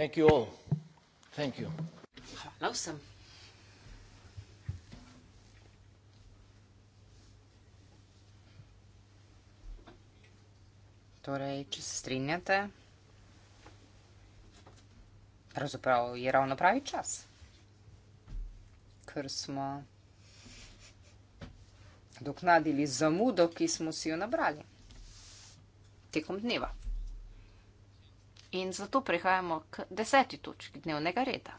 Thank you all. Thank you. Hvala vsem. Torej, če se strinjate, pravzaprav je ravno pravi čas, ker smo doknadili zamudo, ki smo si jo nabrali tekom dneva. In zato prehajamo k deseti točki dnevnega reda.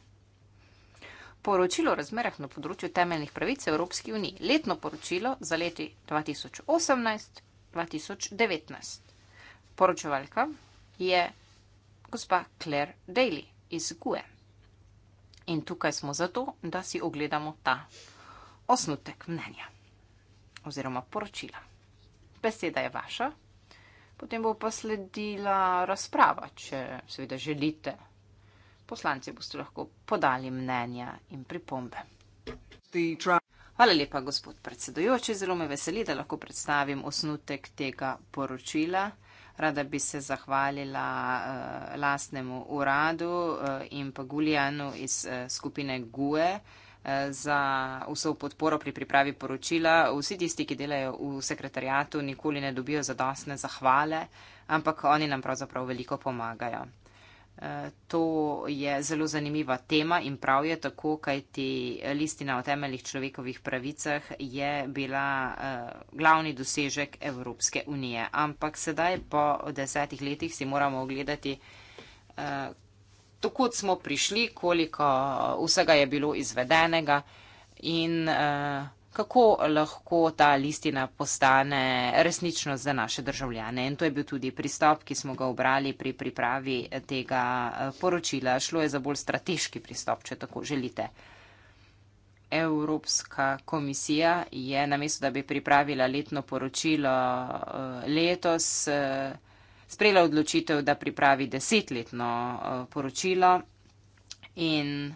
Poročilo o razmerah na področju temeljnih pravic Evropske unije. Letno poročilo za leti 2018-2019. Poročevalka je gospa Claire Daly iz GUE. In tukaj smo zato, da si ogledamo ta osnutek mnenja oziroma poročila. Beseda je vaša. Potem bo pa sledila razprava, če seveda želite. Poslanci boste lahko podali mnenja in pripombe. Hvala lepa, gospod predsedujoči. Zelo me veseli, da lahko predstavim osnutek tega poročila. Rada bi se zahvalila uh, lastnemu uradu uh, in pa Guljanu iz uh, skupine GUE. Uh, za vso podporo pri pripravi poročila. Vsi tisti, ki delajo v sekretarijatu, nikoli ne dobijo zadostne zahvale, ampak oni nam pravzaprav veliko pomagajo. E, to je zelo zanimiva tema in prav je tako, kajti listina o temeljih človekovih pravicah je bila e, glavni dosežek Evropske unije. Ampak sedaj po desetih letih si moramo ogledati, e, tako smo prišli, koliko vsega je bilo izvedenega in eh, kako lahko ta listina postane resnično za naše državljane. In to je bil tudi pristop, ki smo ga obrali pri pripravi tega eh, poročila. Šlo je za bolj strateški pristop, če tako želite. Evropska komisija je namesto, da bi pripravila letno poročilo eh, letos, sprejela odločitev, da pripravi desetletno eh, poročilo in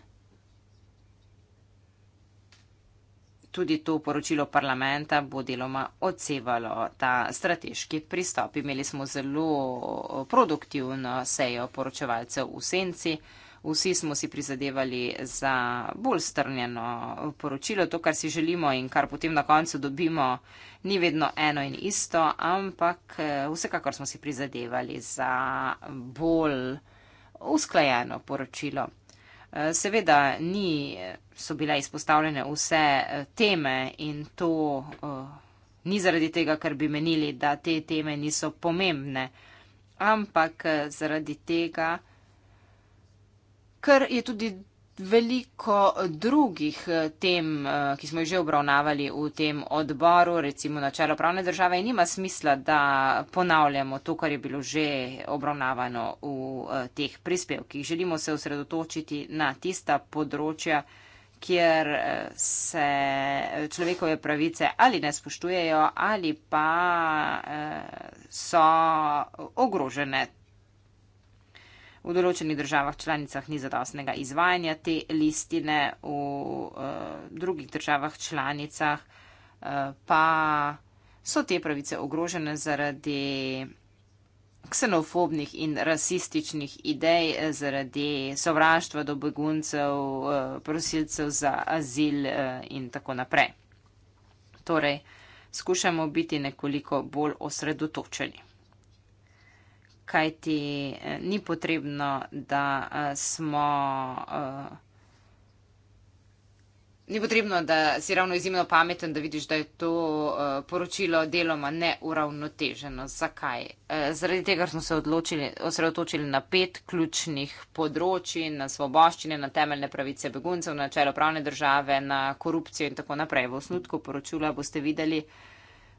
Tudi to poročilo parlamenta bo deloma odsevalo ta strateški pristop. Imeli smo zelo eh, produktivno sejo poročevalcev v senci vsi smo si prizadevali za bolj strnjeno poročilo. To, kar si želimo in kar potem na koncu dobimo, ni vedno eno in isto, ampak eh, vsekakor smo si prizadevali za bolj usklajeno poročilo. Eh, seveda ni, so bile izpostavljene vse eh, teme in to ni zaradi tega, ker bi menili, da te teme niso pomembne, ampak zaradi tega, ker je tudi veliko drugih eh, tem, eh, ki smo jih že obravnavali v tem odboru, recimo načelo pravne države, in ima smisla, da ponavljamo to, kar je bilo že obravnavano v eh, teh prispevkih. Želimo se osredotočiti na tista področja, kjer se človekove pravice ali ne spoštujejo, ali pa so ogrožene v določenih državah članicah ni zadostnega izvajanja te listine, v uh, drugih državah članicah uh, pa so te pravice ogrožene zaradi ksenofobnih in rasističnih idej, eh, zaradi sovraštva do beguncev, uh, prosilcev za azil uh, in tako naprej. Torej, skušamo biti nekoliko bolj osredotočeni kajti eh, ni potrebno, da eh, smo. Eh, ni potrebno, da si ravno izjemno pameten, da vidiš, da je to uh, poročilo deloma neuravnoteženo. Zakaj? Uh, zaradi tega, ker smo se odločili, osredotočili na pet ključnih področji, na svoboščine, na temeljne pravice beguncev, na načelo pravne države, na korupcijo in tako naprej. V osnutku poročila boste videli, uh,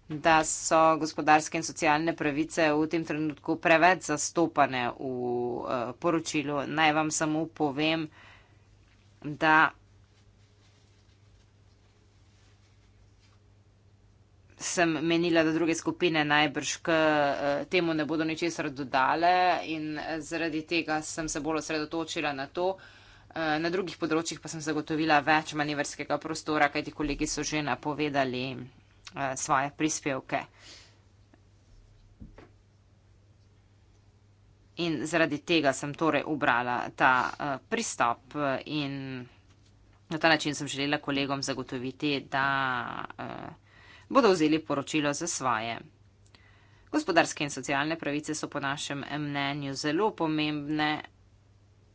da so gospodarske in socialne pravice v tem trenutku preveč zastopane v uh, poročilu. Naj vam samo povem, da sem menila, da druge skupine najbrž k uh, temu ne bodo ničesar dodale in zaradi tega sem se bolj osredotočila na to. Eh, na drugih področjih pa sem zagotovila več manjverskega prostora, kajti kolegi so že napovedali Eh, svoje prispevke. In zaradi tega sem torej ubrala ta uh, pristop eh, in na ta način sem želela kolegom zagotoviti, da uh, bodo vzeli poročilo za svoje. Gospodarske in socialne pravice so po našem mnenju zelo pomembne,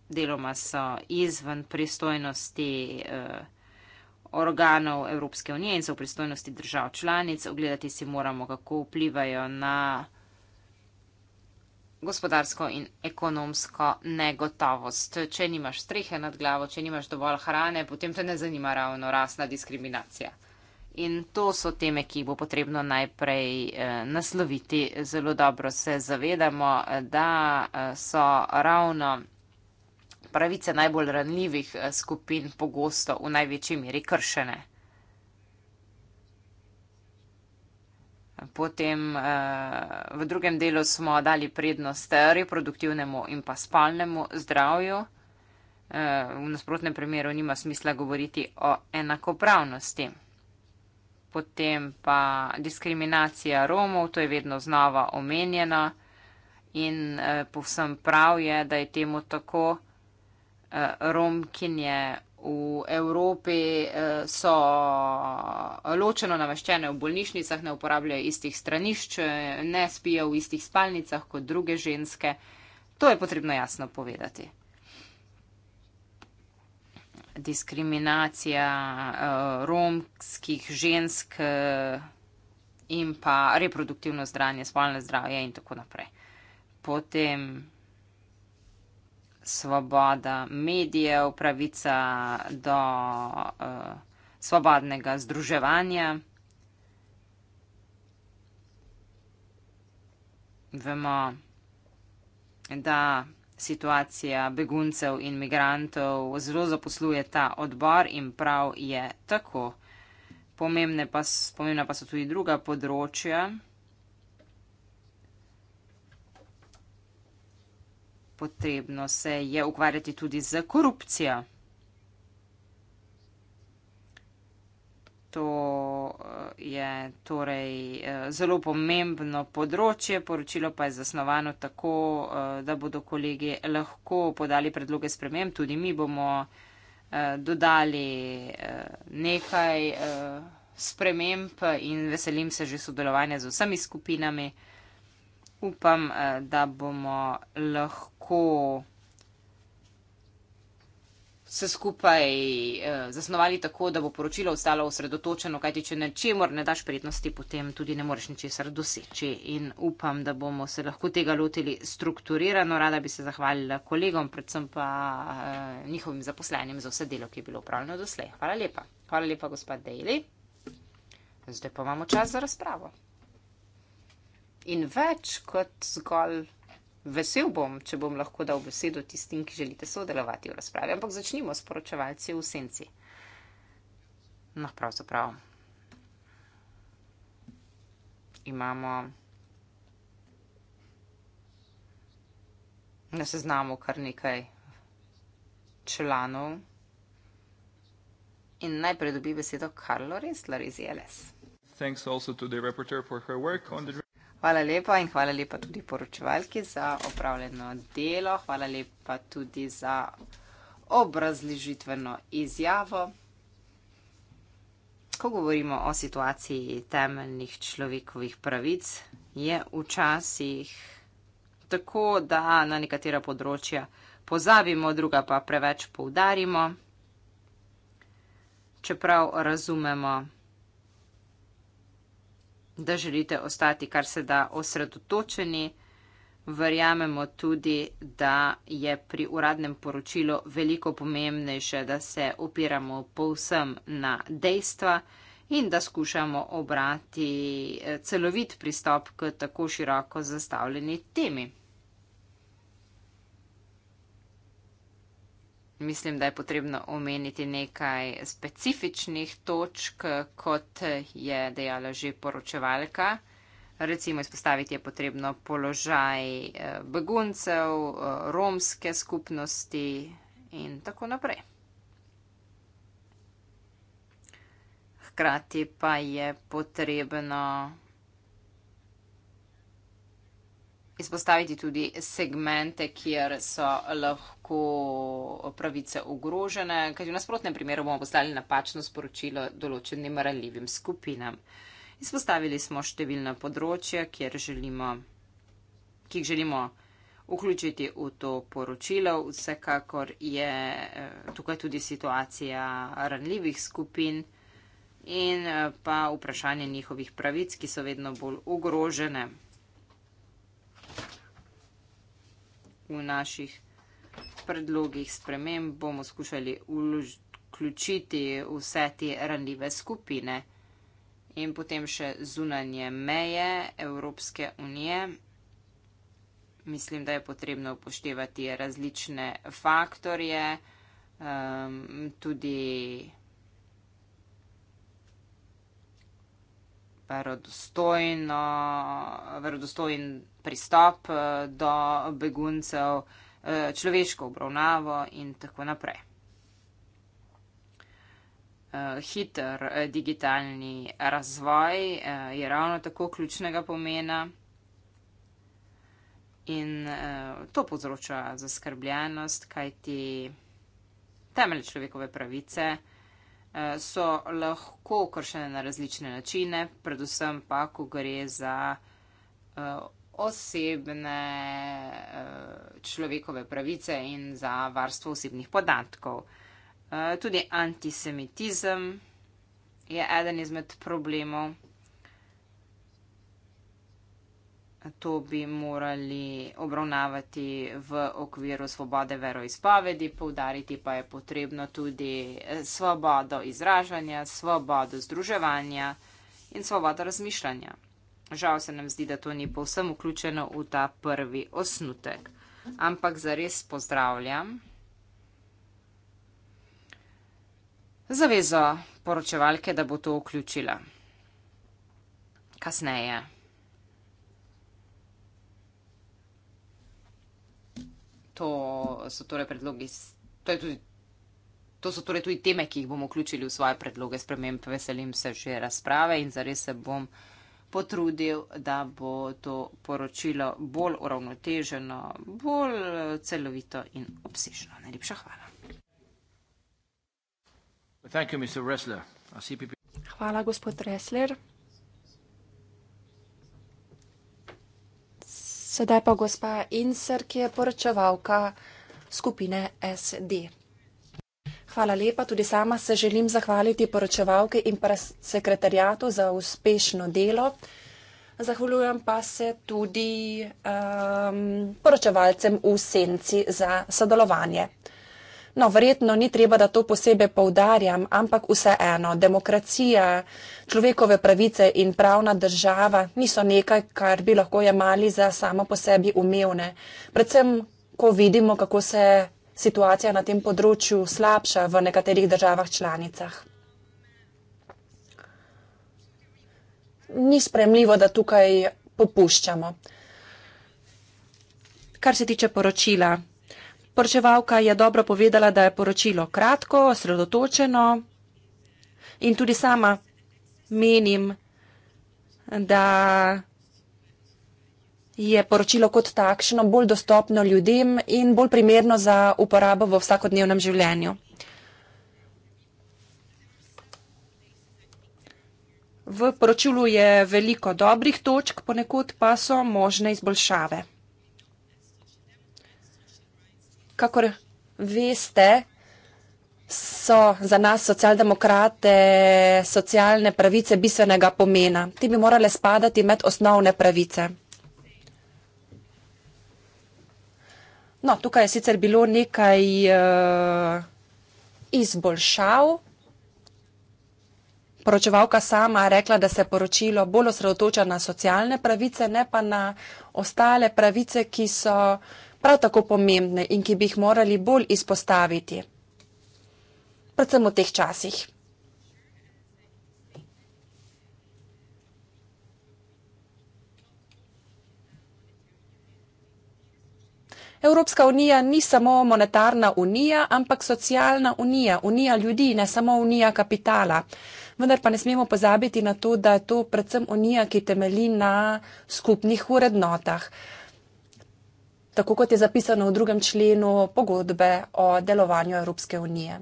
deloma so izven pristojnosti. Uh, organov Evropske unije in so v pristojnosti držav članic. Ogledati si moramo, kako vplivajo na gospodarsko in ekonomsko negotovost. Če nimaš strehe nad glavo, če nimaš dovolj hrane, potem te ne zanima ravno rasna diskriminacija. In to so teme, ki jih bo potrebno najprej eh, nasloviti. Zelo dobro se zavedamo, eh, da eh, so ravno pravice najbolj ranljivih eh, skupin pogosto v največji meri kršene. Potem eh, v drugem delu smo dali prednost reproduktivnemu in pa spalnemu zdravju. Eh, v nasprotnem primeru nima smisla govoriti o enakopravnosti. Potem pa diskriminacija Romov, to je vedno znova omenjena in povsem prav je, da je temu tako. Eh, Romkinje v Evropi eh, so ločeno naveščene v bolnišnicah, ne uporabljajo istih stranišč, ne spijo v istih spalnicah kot druge ženske. To je potrebno jasno povedati. Diskriminacija uh, romskih žensk uh, in pa reproduktivno zdravje, spolne zdravje in tako naprej. Potem svoboda medijev, pravica do uh, svobodnega združevanja. Vemo, da situacija beguncev in migrantov zelo zaposluje ta odbor in prav je tako. Pomembne pa, pomembna pa so tudi druga področja. potrebno se je ukvarjati tudi z korupcijo. To eh, je torej eh, zelo pomembno področje. Poročilo pa je zasnovano tako, eh, da bodo kolegi lahko podali predloge spremem. Tudi mi bomo dodali nekaj sprememb in veselim se že sodelovanja z vsemi skupinami upam, eh, da bomo lahko se skupaj eh, zasnovali tako, da bo poročilo ostalo osredotočeno, kajti če nečemor ne daš prednosti, potem tudi ne moreš ničesar doseči. In upam, da bomo se lahko tega lotili strukturirano. Rada bi se zahvalila kolegom, predvsem pa eh, njihovim zaposlenim za vse delo, ki je bilo upravljeno doslej. Hvala lepa. Hvala lepa, gospod Daly. Zdaj pa imamo čas za razpravo in več kot zgolj vesel bom, če bom lahko dal besedo tistim, ki želite sodelovati v razpravi. Ampak začnimo s poročevalci v senci. No, pravzaprav. Imamo na seznamu kar nekaj članov. In najprej dobi besedo Karlo Resler iz ELS. Hvala tudi reporterju za njegovo delo na Hvala lepa in hvala lepa tudi poročevalki za opravljeno delo. Hvala lepa tudi za obrazložitveno izjavo. Ko govorimo o situaciji temeljnih človekovih pravic, je včasih tako, da na nekatera področja pozabimo, druga pa preveč poudarimo, čeprav razumemo, da želite ostati kar se da osredotočeni. Verjamemo tudi, da je pri uradnem poročilu veliko pomembnejše, da se opiramo povsem na dejstva in da skušamo obrati eh, celovit pristop k tako široko zastavljeni temi. mislim, da je potrebno omeniti nekaj specifičnih točk, kot je dejala že poročevalka. Recimo izpostaviti je potrebno položaj eh, beguncev, eh, romske skupnosti in tako naprej. Hkrati pa je potrebno izpostaviti tudi segmente, kjer so lahko pravice ogrožene, ker v nasprotnem primeru bomo poslali napačno sporočilo določenim ranljivim skupinam. Izpostavili smo številna področja, želimo, ki jih želimo vključiti v to poročilo. Vsekakor je eh, tukaj tudi situacija ranljivih skupin in eh, pa vprašanje njihovih pravic, ki so vedno bolj ogrožene. v naših predlogih sprememb bomo skušali vključiti vse te ranljive skupine in potem še zunanje meje Evropske unije. Mislim, da je potrebno upoštevati različne faktorje, um, tudi. verodostojno, verodostojen pristop eh, do beguncev, eh, človeško obravnavo in tako naprej. Eh, hiter digitalni razvoj je ravno tako ključnega pomena in to povzroča zaskrbljenost, kajti temelj človekove pravice so lahko kršene na različne načine, predvsem pa, ko gre za eh, osebne eh, človekove pravice in za varstvo osebnih podatkov. Eh, tudi antisemitizem je eden izmed problemov. to bi morali obravnavati v okviru svobode veroizpovedi, poudariti pa je potrebno tudi eh, svobodo izražanja, svobodo združevanja in svobodo razmišljanja. Žal se nam zdi, da to ni povsem vključeno v ta prvi osnutek, ampak zares pozdravljam zavezo poročevalke, da bo to vključila kasneje. to so torej predlogi. To, tudi, to so torej tudi teme, ki jih bomo vključili v svoje predloge sprememb. Veselim se že razprave in zares se bom potrudil, da bo to poročilo bolj uravnoteženo, bolj eh, celovito in obsežno. Najlepša hvala. Hvala, gospod Resler. Sedaj pa gospa Inser, ki je poročevalka skupine SD. Hvala lepa, tudi sama se želim zahvaliti poročevalki in sekretarjatu za uspešno delo. Zahvaljujem pa se tudi um, poročevalcem v senci za sodelovanje. No, verjetno ni treba, da to posebej poudarjam, ampak vseeno, demokracija, človekove pravice in pravna država niso nekaj, kar bi lahko jemali za samo po sebi umevne. Predvsem, ko vidimo, kako se situacija na tem področju slabša v nekaterih državah članicah. Ni spremljivo, da tukaj popuščamo. Kar se tiče poročila, Poročevalka je dobro povedala, da je poročilo kratko, osredotočeno in tudi sama menim, da je poročilo kot takšno bolj dostopno ljudem in bolj primerno za uporabo v vsakodnevnem življenju. V poročilu je veliko dobrih točk, ponekod pa so možne izboljšave kakor veste, so za nas socialdemokrate socialne pravice bistvenega pomena. Ti bi morale spadati med osnovne pravice. No, tukaj je sicer bilo nekaj uh, izboljšav. Poročevalka sama rekla, da se poročilo bolj osredotoča na socialne pravice, ne pa na ostale pravice, ki so prav tako pomembne in ki bi jih morali bolj izpostaviti, predvsem v teh časih. Evropska unija ni samo monetarna unija, ampak socialna unija, unija ljudi, ne samo unija kapitala. Vendar pa ne smemo pozabiti na to, da je to predvsem unija, ki temeli na skupnih vrednotah tako kot je zapisano v drugem členu pogodbe o delovanju Evropske unije.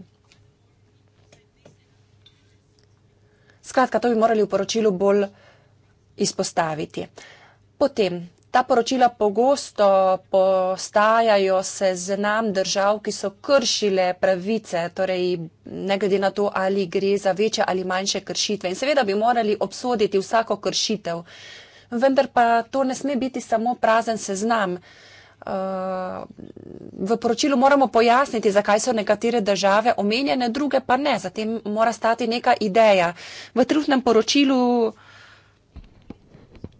Skratka, to bi morali v poročilu bolj izpostaviti. Potem, ta poročila pogosto postajajo se z nam držav, ki so kršile pravice, torej ne glede na to, ali gre za večje ali manjše kršitve. In seveda bi morali obsoditi vsako kršitev, vendar pa to ne sme biti samo prazen seznam. Eh, v poročilu moramo pojasniti, zakaj so nekatere države omenjene, druge pa ne. Zatem mora stati neka ideja. V trutnem poročilu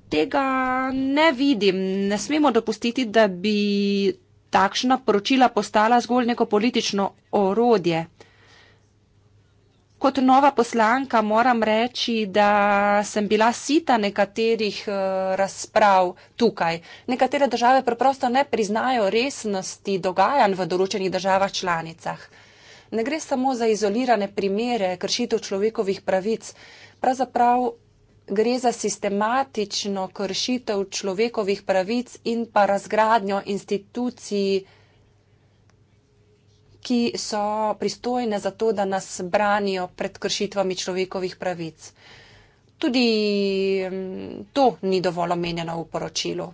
tega ne vidim. Ne smemo dopustiti, da bi takšna poročila postala zgolj neko politično orodje. Kot nova poslanka moram reči, da sem bila sita nekaterih eh, razprav tukaj. Nekatere države preprosto ne priznajo resnosti dogajanj v določenih državah članicah. Ne gre samo za izolirane primere kršitev človekovih pravic, pravzaprav gre za sistematično kršitev človekovih pravic in pa razgradnjo institucij ki so pristojne za to, da nas branijo pred kršitvami človekovih pravic. Tudi mm, to ni dovolj omenjeno v poročilu.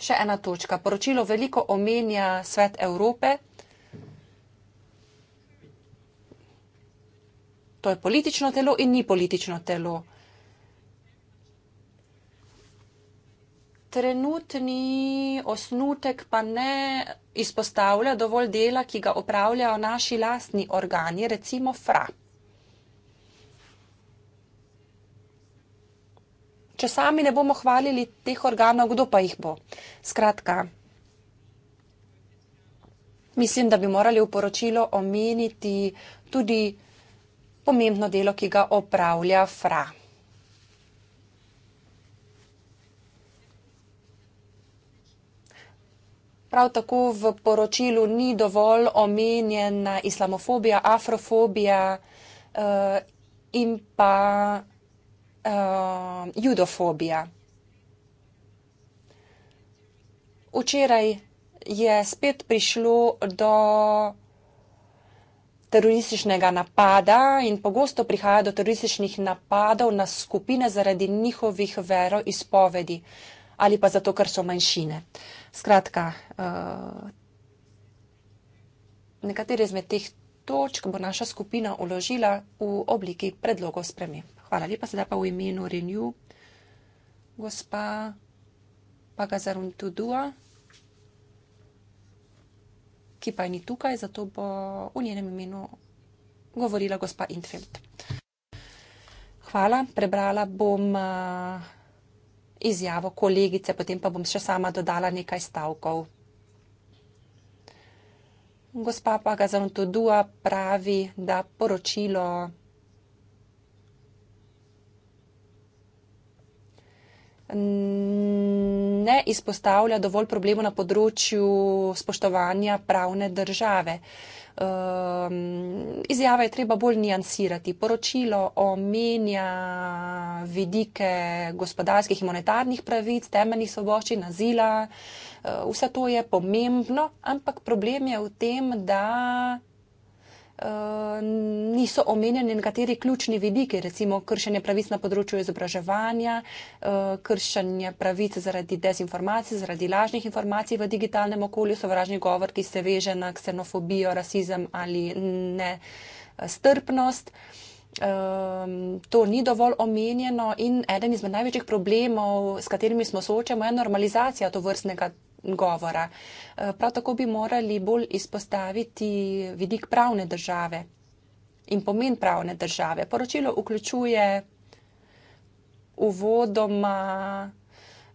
Še ena točka. Poročilo veliko omenja svet Evrope. To je politično telo in ni politično telo. trenutni osnutek pa ne izpostavlja dovolj dela, ki ga opravljajo naši lastni organi, recimo fra. Če sami ne bomo hvalili teh organov, kdo pa jih bo? Skratka, mislim, da bi morali v poročilo omeniti tudi pomembno delo, ki ga opravlja fra. prav tako v poročilu ni dovolj omenjena islamofobija, afrofobija uh, in pa uh, judofobija. Včeraj je spet prišlo do terorističnega napada in pogosto prihaja do terorističnih napadov na skupine zaradi njihovih veroizpovedi ali pa zato, ker so manjšine. Uh, Skratka, uh, nekatere izmed teh točk bo naša skupina uložila v obliki predlogov spremi. Hvala lepa, sedaj pa v imenu Renew, gospa Pagazaruntudua, ki pa ni tukaj, zato bo v njenem imenu govorila gospa Intfeld. Hvala, prebrala bom. Uh, izjavo kolegice, potem pa bom še sama dodala nekaj stavkov. Gospa pa Gazantodua pravi, da poročilo n, ne izpostavlja dovolj problemov na področju spoštovanja pravne države. Um, ehm, izjave je treba bolj nijansirati. Poročilo omenja vidike gospodarskih in monetarnih pravic, temeljnih svoboščin, nazila. Uh, eh, vse to je pomembno, ampak problem je v tem, da Eh, niso omenjeni nekateri ključni vidiki, recimo kršenje pravic na področju izobraževanja, eh, kršenje pravic zaradi dezinformacij, zaradi lažnih informacij v digitalnem okolju, sovražni govor, ki se veže na ksenofobijo, rasizem ali ne strpnost. Um, ehm, to ni dovolj omenjeno in eden izmed največjih problemov, s katerimi smo soočeni, je normalizacija to vrstnega govora. Eh, prav tako bi morali bolj izpostaviti vidik pravne države in pomen pravne države. Poročilo vključuje uvodoma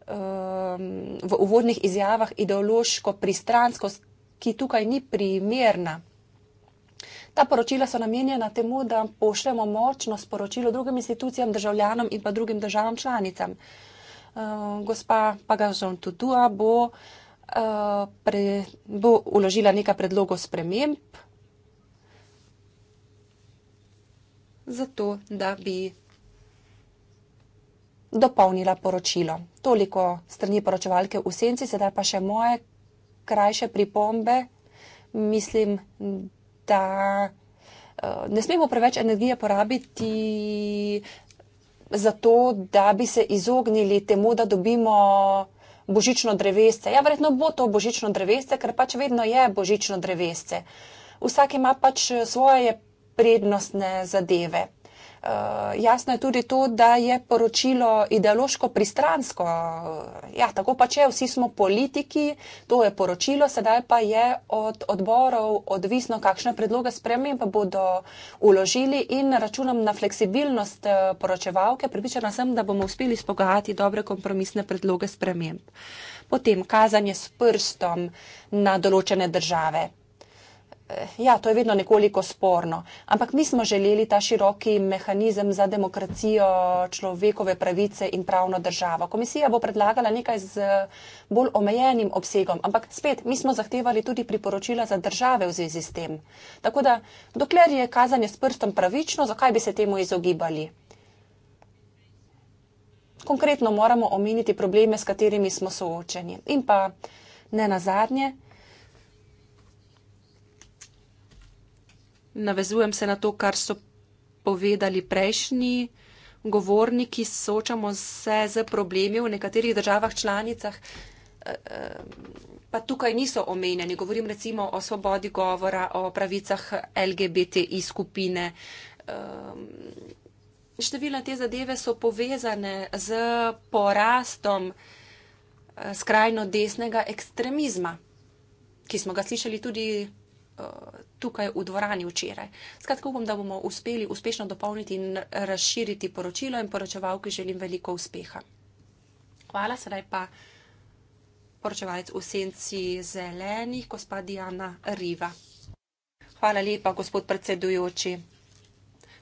ehm, v uvodnih izjavah ideološko pristranskost, ki tukaj ni primerna. Ta poročila so namenjena temu, da pošljemo močno sporočilo drugim institucijam, državljanom in pa drugim državam članicam. Eh, gospa Pagažon Tudua bo, eh, bo uložila nekaj predlogov sprememb za to, da bi dopolnila poročilo. Toliko strani poročevalke v senci, sedaj pa še moje krajše pripombe. Mislim, da eh, ne smemo preveč energije porabiti zato, da bi se izognili temu, da dobimo božično drevesce. Ja, verjetno bo to božično drevesce, ker pač vedno je božično drevesce. Vsak ima pač svoje prednostne zadeve. Eh, jasno je tudi to, da je poročilo ideološko pristransko. Ja, tako pa če vsi smo politiki, to je poročilo, sedaj pa je od odborov odvisno, kakšne predloge spremem pa bodo uložili in računam na fleksibilnost eh, poročevalke. Pripričana sem, da bomo uspeli spogajati dobre kompromisne predloge spremem. Potem kazanje s prstom na določene države. Eh, ja, to je vedno nekoliko sporno. Ampak mi smo želeli ta široki mehanizem za demokracijo, človekove pravice in pravno državo. Komisija bo predlagala nekaj z bolj omejenim obsegom, ampak spet mi smo zahtevali tudi priporočila za države v zvezi s tem. Tako da, dokler je kazanje s prstom pravično, zakaj bi se temu izogibali? Konkretno moramo omeniti probleme, s katerimi smo soočeni. In pa ne nazadnje, navezujem se na to, kar so povedali prejšnji govorniki, soočamo se z problemi v nekaterih državah članicah, eh, eh, pa tukaj niso omenjeni. Govorim recimo o svobodi govora, o pravicah LGBTI skupine. Ehm, številne te zadeve so povezane z porastom eh, skrajno desnega ekstremizma, ki smo ga slišali tudi Eh, tukaj v dvorani včeraj. Skratka, upam, da bomo uspeli uspešno dopolniti in razširiti poročilo in poročevalki želim veliko uspeha. Hvala, sedaj pa poročevalec v senci zelenih, gospa Diana Riva. Hvala lepa, gospod predsedujoči.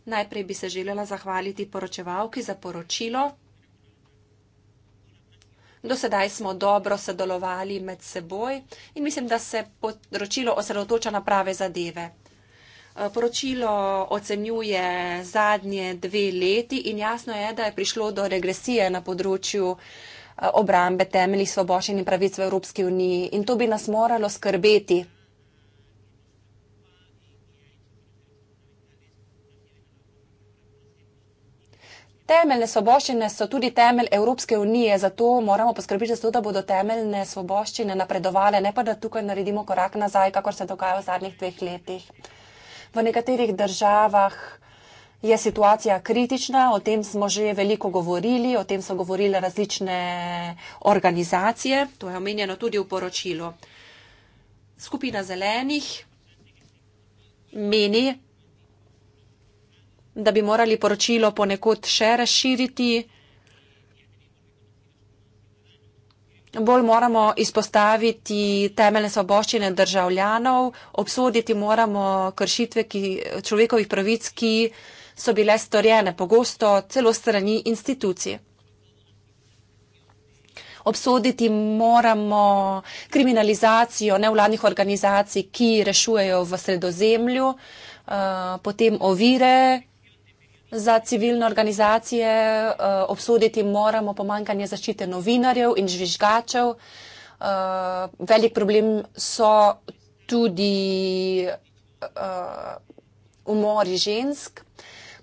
Najprej bi se želela zahvaliti poročevalki za poročilo. Do sedaj smo dobro sodelovali med seboj in mislim, da se poročilo osredotoča na prave zadeve. Eh, poročilo ocenjuje zadnje dve leti in jasno je, da je prišlo do regresije na področju eh, obrambe temeljih svoboščin in pravic v Evropski uniji in to bi nas moralo skrbeti. Temeljne svoboščine so tudi temelj Evropske unije, zato moramo poskrbiti za to, da bodo temeljne svoboščine napredovale, ne pa da tukaj naredimo korak nazaj, kakor se dogaja v zadnjih dveh letih. V nekaterih državah je situacija kritična, o tem smo že veliko govorili, o tem so govorile različne organizacije, to je omenjeno tudi v poročilu. Skupina zelenih meni, da bi morali poročilo ponekod še razširiti. Bolj moramo izpostaviti temeljne svoboščine državljanov, obsoditi moramo kršitve ki, človekovih pravic, ki so bile storjene pogosto celo strani institucij. Obsoditi moramo kriminalizacijo nevladnih organizacij, ki rešujejo v sredozemlju, eh, potem ovire, za civilne organizacije, eh, obsoditi moramo pomankanje zaščite novinarjev in žvižgačev. Eh, velik problem so tudi eh, umori žensk,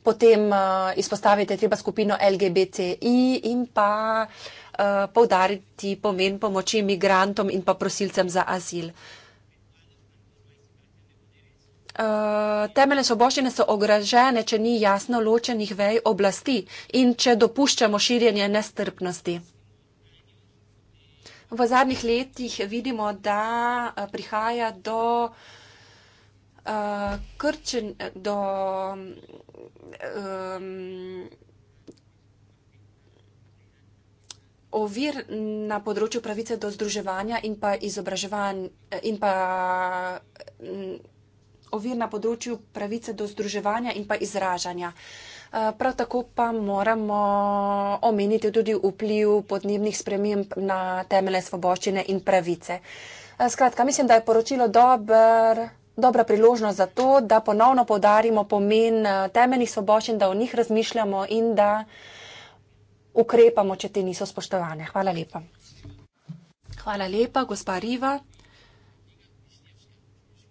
potem izpostaviti treba skupino LGBTI in pa poudariti pomen pomoči imigrantom in pa prosilcem za azil. Eh, temeljne soboščine so ogrožene, če ni jasno ločenih vej oblasti in če dopuščamo širjenje nestrpnosti. V zadnjih letih vidimo, da eh, prihaja do uh, krčen, do um, ovir na področju pravice do združevanja in pa izobraževanja in pa. Um, ovir na področju pravice do združevanja in pa izražanja. Eh, prav tako pa moramo omeniti tudi vpliv podnebnih sprememb na temele svoboščine in pravice. Eh, skratka, mislim, da je poročilo dober, dobra priložnost za to, da ponovno povdarimo pomen eh, temeljnih svoboščin, da o njih razmišljamo in da ukrepamo, če te niso spoštovane. Hvala lepa. Hvala lepa, gospa Riva.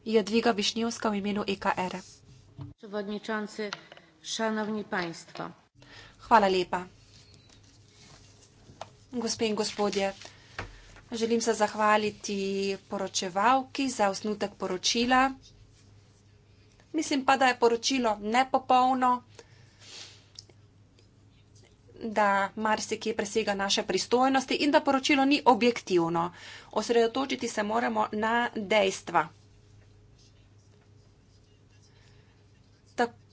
Jadwiga Wiśniewska w imieniu EKR. Przewodniczący, Szanowni Państwo. Hvala lepa. Gospe in gospodje, želim se zahvaliti poročevalki za osnutek poročila. Mislim pa, da je poročilo nepopolno, da marsikje presega naše pristojnosti in da poročilo ni objektivno. Osredotočiti se moramo na dejstva.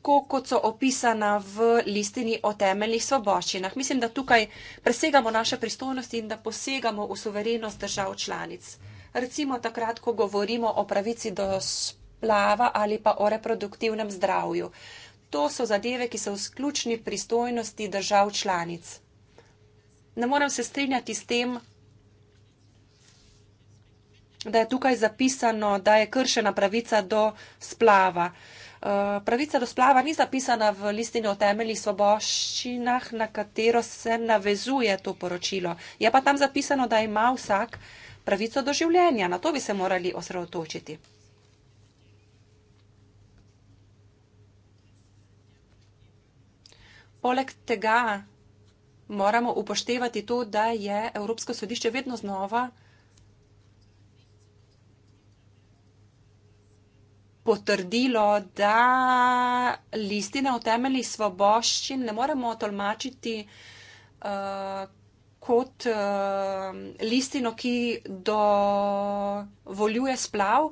tako, kot so opisana v listini o temeljnih svoboščinah. Mislim, da tukaj presegamo naše pristojnosti in da posegamo v suverenost držav članic. Recimo takrat, ko govorimo o pravici do splava ali pa o reproduktivnem zdravju. To so zadeve, ki so v sključni pristojnosti držav članic. Ne morem se strinjati s tem, da je tukaj zapisano, da je kršena pravica do splava. Eh, pravica do splava ni zapisana v listini o temeljih svoboščinah, na katero se navezuje to poročilo. Je pa tam zapisano, da ima vsak pravico do življenja. Na to bi se morali osredotočiti. Poleg tega moramo upoštevati to, da je Evropsko sodišče vedno znova potrdilo, da listine o temeljih svoboščin ne moremo tolmačiti uh, kot uh, listino, ki dovoljuje splav.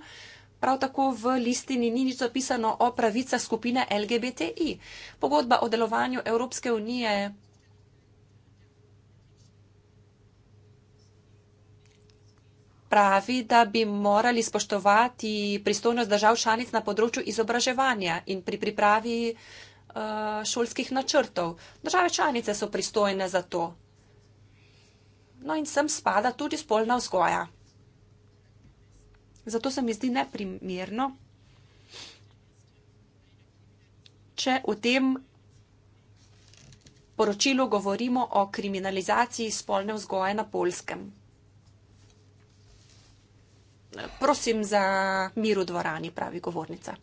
Prav tako v listini ni nič zapisano o pravicah skupine LGBTI. Pogodba o delovanju Evropske unije pravi, da bi morali spoštovati pristojnost držav članic na področju izobraževanja in pri pripravi uh, šolskih načrtov. Države članice so pristojne za to. No in sem spada tudi spolna vzgoja. Zato se mi zdi neprimerno, če v tem poročilu govorimo o kriminalizaciji spolne vzgoje na polskem. Prosim za mir v dvorani, pravi govornica.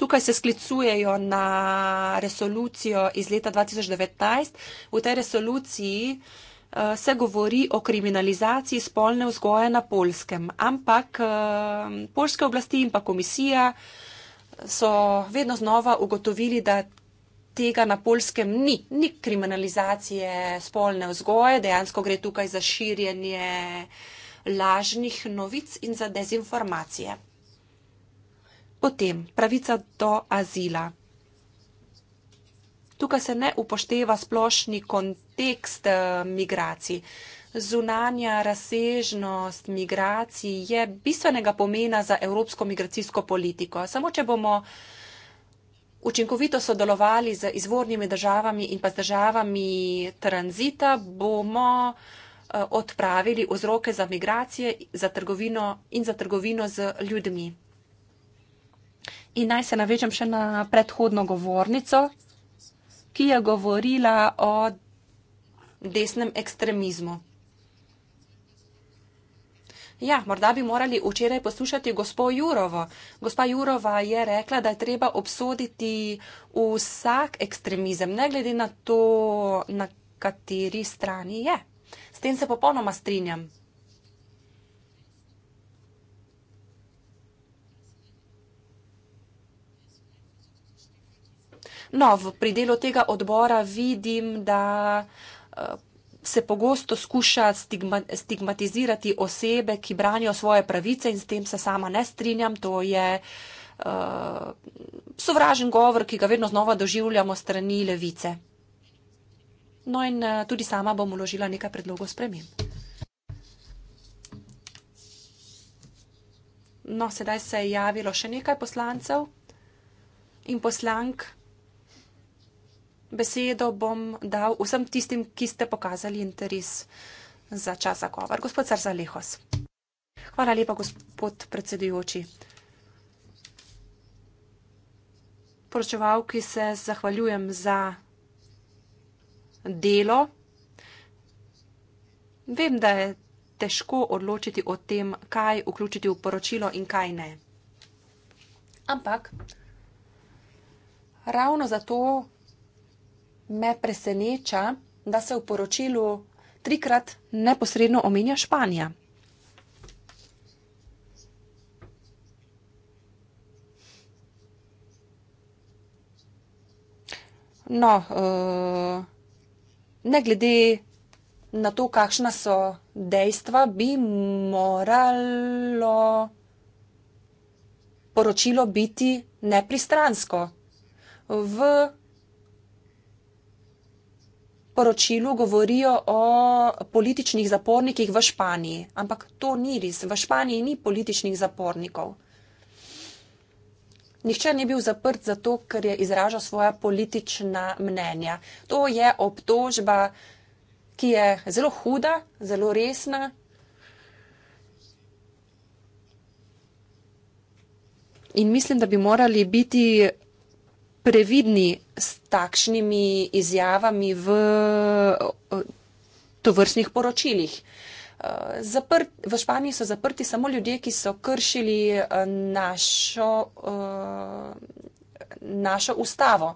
Tukaj se sklicujejo na resolucijo iz leta 2019. V tej resoluciji eh, se govori o kriminalizaciji spolne vzgoje na polskem, ampak eh, polske oblasti in pa komisija so vedno znova ugotovili, da tega na polskem ni. Ni kriminalizacije spolne vzgoje, dejansko gre tukaj za širjenje lažnih novic in za dezinformacije. Potem pravica do azila. Tukaj se ne upošteva splošni kontekst eh, migracij. Zunanja razsežnost migracij je bistvenega pomena za evropsko migracijsko politiko. Samo če bomo uh, učinkovito sodelovali z izvornimi državami in pa z državami tranzita, bomo eh, odpravili vzroke za migracije za trgovino in za trgovino z ljudmi. In naj se navežem še na predhodno govornico, ki je govorila o desnem ekstremizmu. Ja, morda bi morali včeraj poslušati gospo Jurovo. Gospa Jurova je rekla, da je treba obsoditi vsak ekstremizem, ne glede na to, na kateri strani je. S tem se popolnoma strinjam. No, pri delu tega odbora vidim, da eh, se pogosto skuša stigma, stigmatizirati osebe, ki branijo svoje pravice in s tem se sama ne strinjam. To je uh, sovražen govor, ki ga vedno znova doživljamo strani levice. No in uh, tudi sama bom uložila nekaj predlogov spremem. No, sedaj se je javilo še nekaj poslancev in poslank besedo bom dal vsem tistim, ki ste pokazali interes za časa govor. Gospod Sarza Lehos. Hvala lepa, gospod predsedujoči. Poročevalki se zahvaljujem za delo. Vem, da je težko odločiti o tem, kaj vključiti v poročilo in kaj ne. Ampak ravno zato me preseneča, da se v poročilu trikrat neposredno omenja Španija. No, eh, ne glede na to, kakšna so dejstva, bi moralo poročilo biti nepristransko. V poročilu govorijo o političnih zapornikih v Španiji, ampak to ni res. V Španiji ni političnih zapornikov. Nihče ni bil zaprt zato, ker je izražal svoja politična mnenja. To je obtožba, ki je zelo huda, zelo resna. In mislim, da bi morali biti previdni s takšnimi izjavami v tovrstnih poročilih. Uh, Zapr, v Španiji so zaprti samo ljudje, ki so kršili uh, našo, uh, našo ustavo.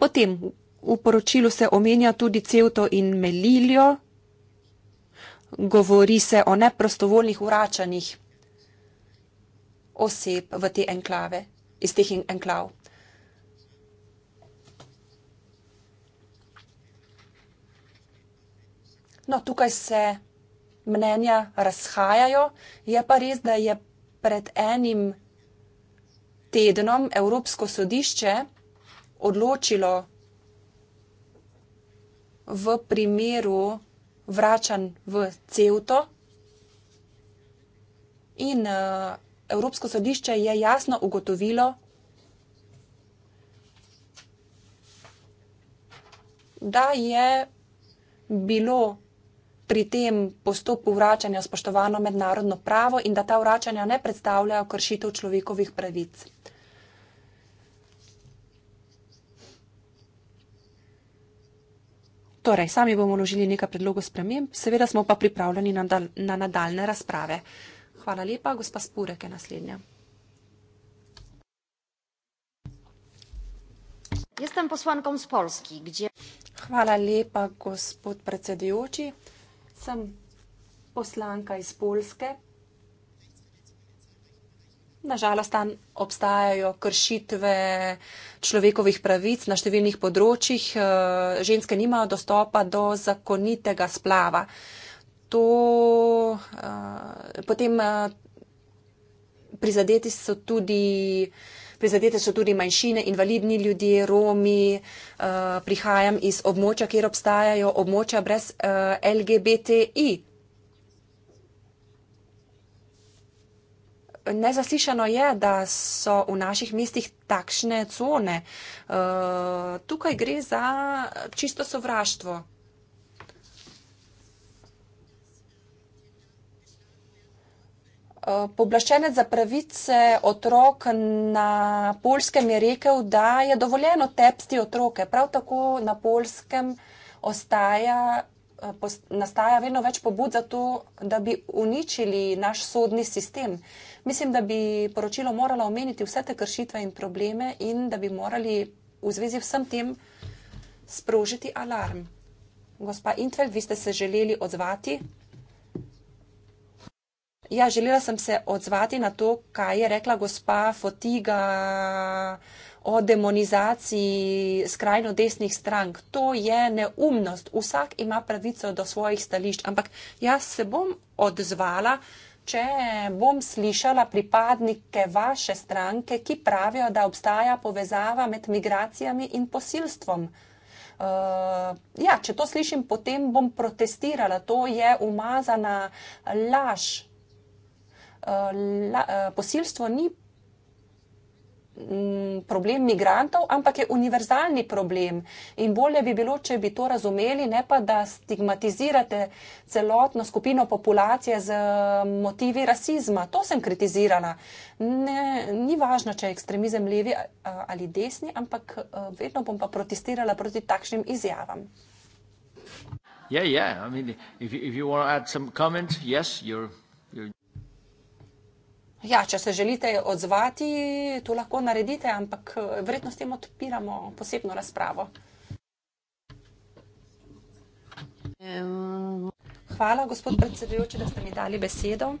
Potem v poročilu se omenja tudi Ceuto in Melilijo, govori se o neprostovoljnih vračanjih oseb v te enklave iz teh enklav. No, tukaj se mnenja razhajajo. Je pa res, da je pred enim tednom Evropsko sodišče odločilo v primeru vračanj v Ceuto in uh, Evropsko sodišče je jasno ugotovilo, da je bilo pri tem postopku vračanja spoštovano mednarodno pravo in da ta vračanja ne predstavljajo kršitev človekovih pravic. Torej, sami bomo vložili nekaj predlogov sprememb, seveda smo pa pripravljeni na, na nadaljne razprave. Hvala lepa. Gospa Spurek je naslednja. Jestem poslankom z Polski, kjer. Hvala lepa, gospod predsedujoči. Sem poslanka iz Polske. Nažalost, tam obstajajo kršitve človekovih pravic na številnih področjih. Ženske nimajo dostopa do zakonitega splava to, uh, potem uh, prizadeti so tudi. Prizadete so tudi manjšine, invalidni ljudje, Romi, uh, prihajam iz območja, kjer obstajajo območja brez uh, LGBTI. Nezaslišano je, da so v naših mestih takšne cone. Uh, tukaj gre za čisto sovraštvo. Eh, Poblaščenec za pravice otrok na polskem je rekel, da je dovoljeno tepsti otroke. Prav tako na polskem ostaja, eh, nastaja vedno več pobud za to, da bi uničili naš sodni sistem. Mislim, da bi poročilo moralo omeniti vse te kršitve in probleme in da bi morali v zvezi vsem tem sprožiti alarm. Gospa Intveld, vi ste se želeli odzvati. Ja, želela sem se odzvati na to, kaj je rekla gospa Fotiga o demonizaciji skrajno desnih strank. To je neumnost. Vsak ima pravico do svojih stališč. Ampak jaz se bom odzvala, če bom slišala pripadnike vaše stranke, ki pravijo, da obstaja povezava med migracijami in posilstvom. Uh, ja, če to slišim, potem bom protestirala. To je umazana laž. Eh, la, eh, posilstvo ni mm, problem migrantov, ampak je univerzalni problem. In bolje bi bilo, če bi to razumeli, ne pa, da stigmatizirate celotno skupino populacije z eh, motivi rasizma. To sem kritizirala. Ne, ni važno, če je ekstremizem levi ali desni, ampak vedno bom pa protestirala proti takšnim izjavam. Ja, ja. Če želite dodati nekaj komentarjev, ja, ste. Ja, če se želite odzvati, to lahko naredite, ampak eh, verjetno s tem odpiramo posebno razpravo. Hvala, gospod predsedujoči, da ste mi dali besedo.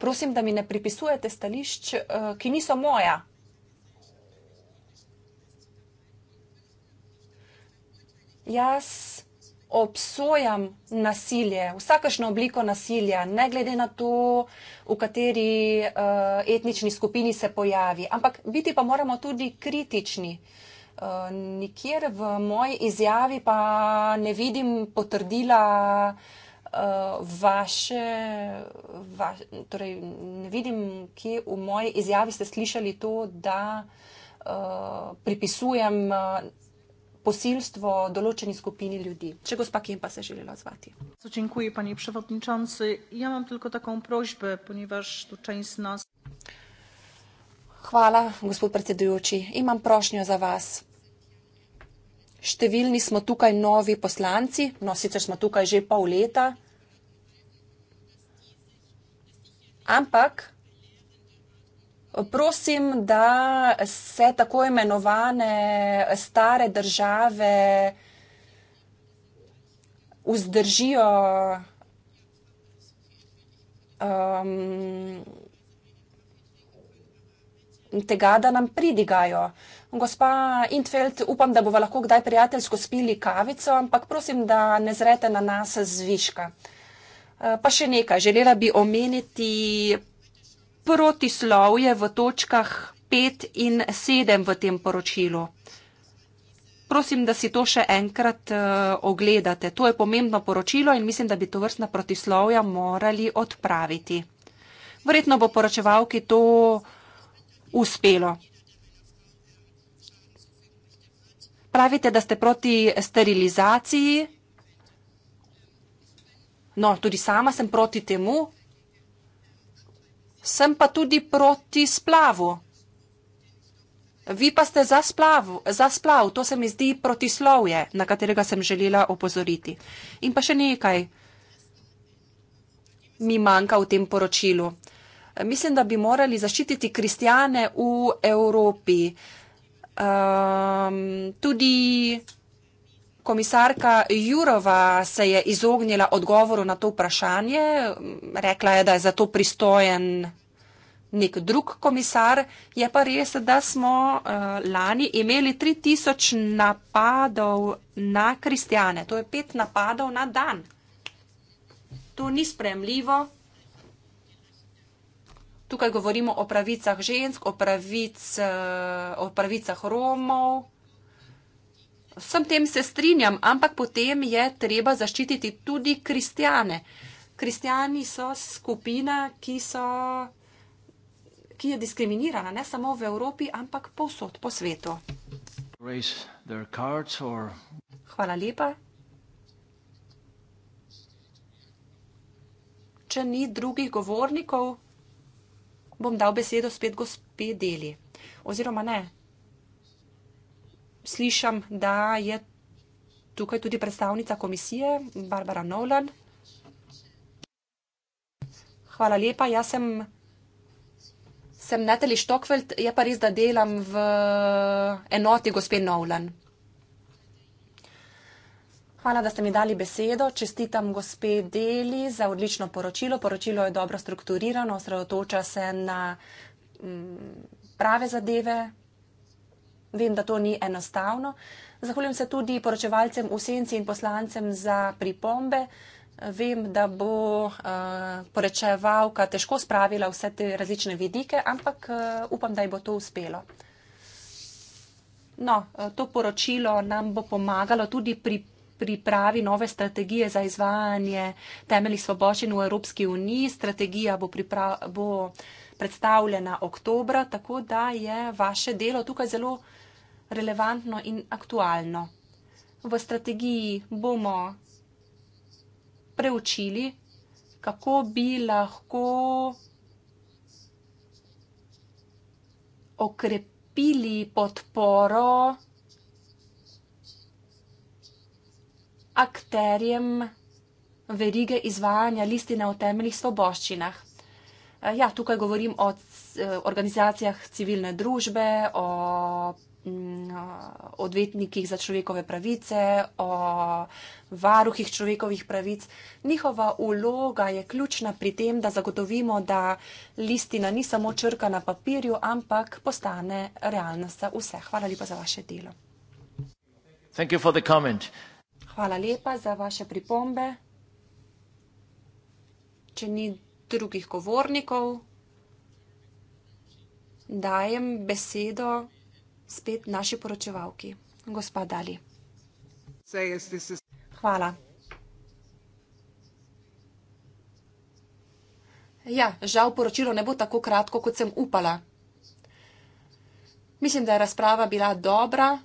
Prosim, da mi ne pripisujete stališč, eh, ki niso moja. Jaz obsojam nasilje, vsakašno obliko nasilja, ne glede na to, v kateri uh, etnični skupini se pojavi. Ampak biti pa moramo tudi kritični. Uh, nikjer v moji izjavi pa ne vidim potrdila uh, vaše, va, torej ne vidim, kje v moji izjavi ste slišali to, da uh, pripisujem. Uh, posilstwo določenej skupini ludzi. Czy gospa Kimpa se żyła zwać? Dziękuję panie przewodniczący. Ja mam tylko taką prośbę, ponieważ tu część z nas... Hvala, gospod predsedujoči. Imam prošnjo za vas. Številni smo tukaj novi poslanci, no sicer smo tukaj že pol leta, ampak Prosim, da se tako imenovane stare države vzdržijo um, tega, da nam pridigajo. Gospa Intfeld, upam, da bomo lahko kdaj prijateljsko spili kavico, ampak prosim, da ne zrete na nas zviška. Uh, pa še nekaj, želela bi omeniti protislovje v točkah 5 in 7 v tem poročilu. Prosim, da si to še enkrat uh, ogledate. To je pomembno poročilo in mislim, da bi to vrstna protislovja morali odpraviti. Verjetno bo poročevalki to uspelo. Pravite, da ste proti sterilizaciji. No, tudi sama sem proti temu, sem pa tudi proti splavu. Vi pa ste za, splav, za splav, to se mi zdi protislovje, na katerega sem želela opozoriti. In pa še nekaj mi manjka v tem poročilu. Mislim, da bi morali zaščititi kristijane v Evropi. Um, tudi komisarka Jurova se je izognila odgovoru na to vprašanje. Rekla je, da je za to pristojen nek drug komisar. Je pa res, da smo eh, lani imeli 3000 napadov na kristijane. To je pet napadov na dan. To ni spremljivo. Tukaj govorimo o pravicah žensk, o, pravic, eh, o pravicah Romov. Vsem tem se strinjam, ampak potem je treba zaščititi tudi kristijane. Kristijani so skupina, ki, so, ki je diskriminirana ne samo v Evropi, ampak povsod po svetu. Hvala lepa. Če ni drugih govornikov, bom dal besedo spet gospe Deli. Oziroma ne, slišim, da je tukaj tudi predstavnica komisije, Barbara Nolan. Hvala lepa, jaz sem, sem Natali Štokvelt, je pa res, da delam v enoti gospod Nolan. Hvala, da ste mi dali besedo. Čestitam gospe Deli za odlično poročilo. Poročilo je dobro strukturirano, osredotoča se na mm, prave zadeve, Vem, da to ni enostavno. Zahvaljujem se tudi poročevalcem v senci in poslancem za pripombe. Vem, da bo uh, poročevalka težko spravila vse te različne vidike, ampak uh, upam, da ji bo to uspelo. No, uh, to poročilo nam bo pomagalo tudi pri pripravi nove strategije za izvajanje temeljih svoboščin v Evropski uniji. Strategija bo pripravljena predstavljena oktobra, tako da je vaše delo tukaj zelo relevantno in aktualno. V strategiji bomo preučili, kako bi lahko okrepili podporo akterjem verige izvajanja listine o temeljih svoboščinah. Eh, ja, tukaj govorim o eh, organizacijah civilne družbe, o mm, eh, odvetnikih za človekove pravice, o varuhih človekovih pravic. Njihova uloga je ključna pri tem, da zagotovimo, da listina ni samo črka na papirju, ampak postane realnost za vse. Hvala lepa za vaše delo. Hvala lepa za vaše pripombe. Če ni drugih govornikov, dajem besedo spet naši poročevalki, gospa Dali. Hvala. Ja, žal poročilo ne bo tako kratko, kot sem upala. Mislim, da je razprava bila dobra.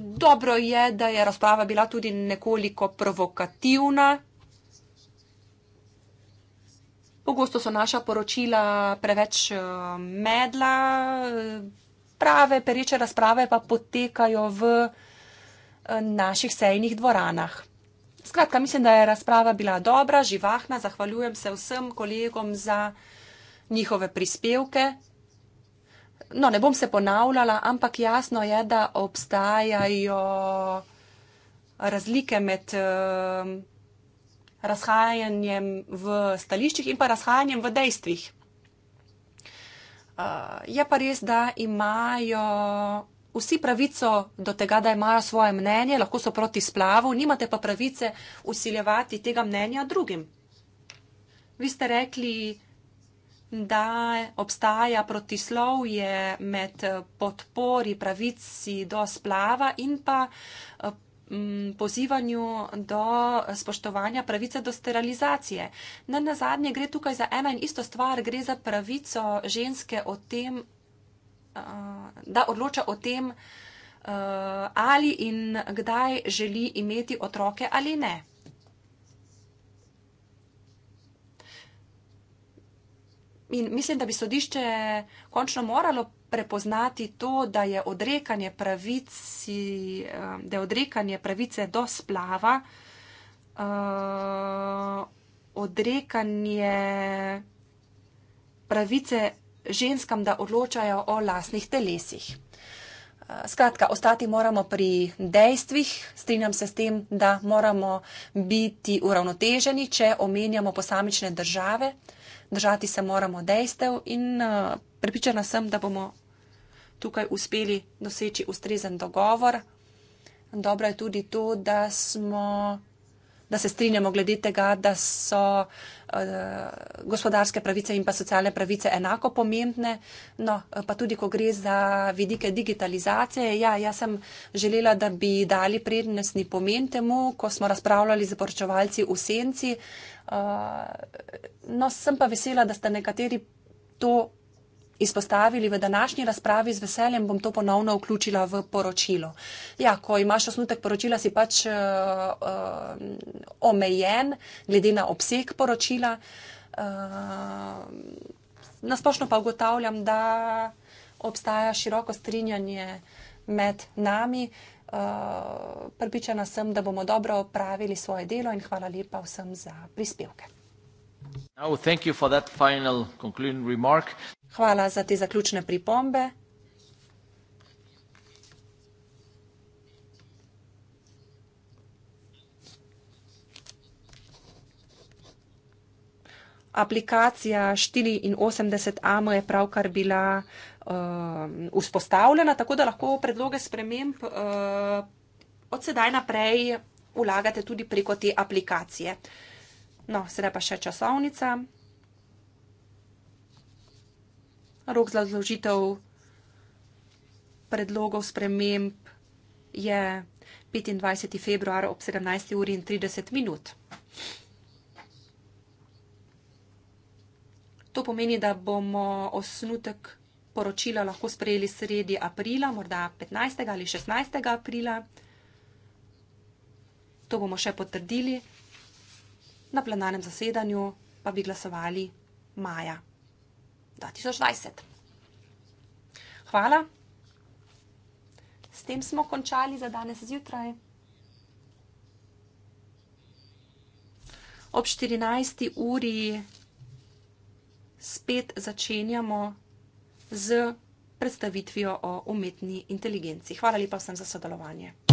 Dobro je, da je razprava bila tudi nekoliko provokativna. Pogosto so naša poročila preveč eh, medla, prave, pereče razprave pa potekajo v eh, naših sejnih dvoranah. Skratka, mislim, da je razprava bila dobra, živahna. Zahvaljujem se vsem kolegom za njihove prispevke. No, ne bom se ponavljala, ampak jasno je, da obstajajo razlike med. Uh, razhajanjem v stališčih in pa razhajanjem v dejstvih. Uh, je pa res, da imajo vsi pravico do tega, da imajo svoje mnenje, lahko so proti splavu, nimate pa pravice usiljevati tega mnenja drugim. Vi ste rekli, da obstaja protislovje med podpori pravici do splava in pa eh, pozivanju do spoštovanja pravice do sterilizacije. Na nazadnje gre tukaj za ena in isto stvar, gre za pravico ženske o tem, da odloča o tem, ali in kdaj želi imeti otroke ali ne. In mislim, da bi sodišče končno moralo prepoznati to, da je odrekanje, pravici, eh, da je odrekanje pravice do splava, eh, odrekanje pravice ženskam, da odločajo o lasnih telesih. Eh, skratka, ostati moramo pri dejstvih, strinjam se s tem, da moramo biti uravnoteženi, če omenjamo posamične države držati se moramo dejstev in eh, prepričana sem, da bomo tukaj uspeli doseči ustrezen dogovor. Dobro je tudi to, da smo da se strinjamo glede tega, da so uh, gospodarske pravice in pa socialne pravice enako pomembne. No, eh, pa tudi, ko gre za vidike digitalizacije, ja, jaz sem želela, da bi dali prednostni pomen temu, ko smo razpravljali z poročevalci v senci. Uh, no, sem pa vesela, da ste nekateri to izpostavili v današnji razpravi, z veseljem bom to ponovno vključila v poročilo. Ja, ko imaš osnutek poročila, si pač uh, uh, omejen glede na obseg poročila. Uh, eh, Nasplošno pa ugotavljam, da obstaja široko strinjanje med nami. Uh, Pripričana sem, da bomo dobro opravili svoje delo in hvala lepa vsem za prispevke. Hvala za te zaključne pripombe. Aplikacija štiriinosemdeset A mu je pravkar bila um, vzpostavljena, tako da lahko predloge sprememb uh, od sedaj naprej vlagate tudi preko te aplikacije. No, sedaj pa še časovnica. Rok za odložitev predlogov sprememb je 25. februar ob 17. uri in 30 minut. To pomeni, da bomo osnutek poročila lahko sprejeli sredi aprila, morda 15. ali 16. aprila. To bomo še potrdili na plenarnem zasedanju pa bi glasovali maja 2020. Hvala. S tem smo končali za danes zjutraj. Ob 14. uri spet začenjamo z predstavitvijo o umetni inteligenci. Hvala lepa vsem za sodelovanje.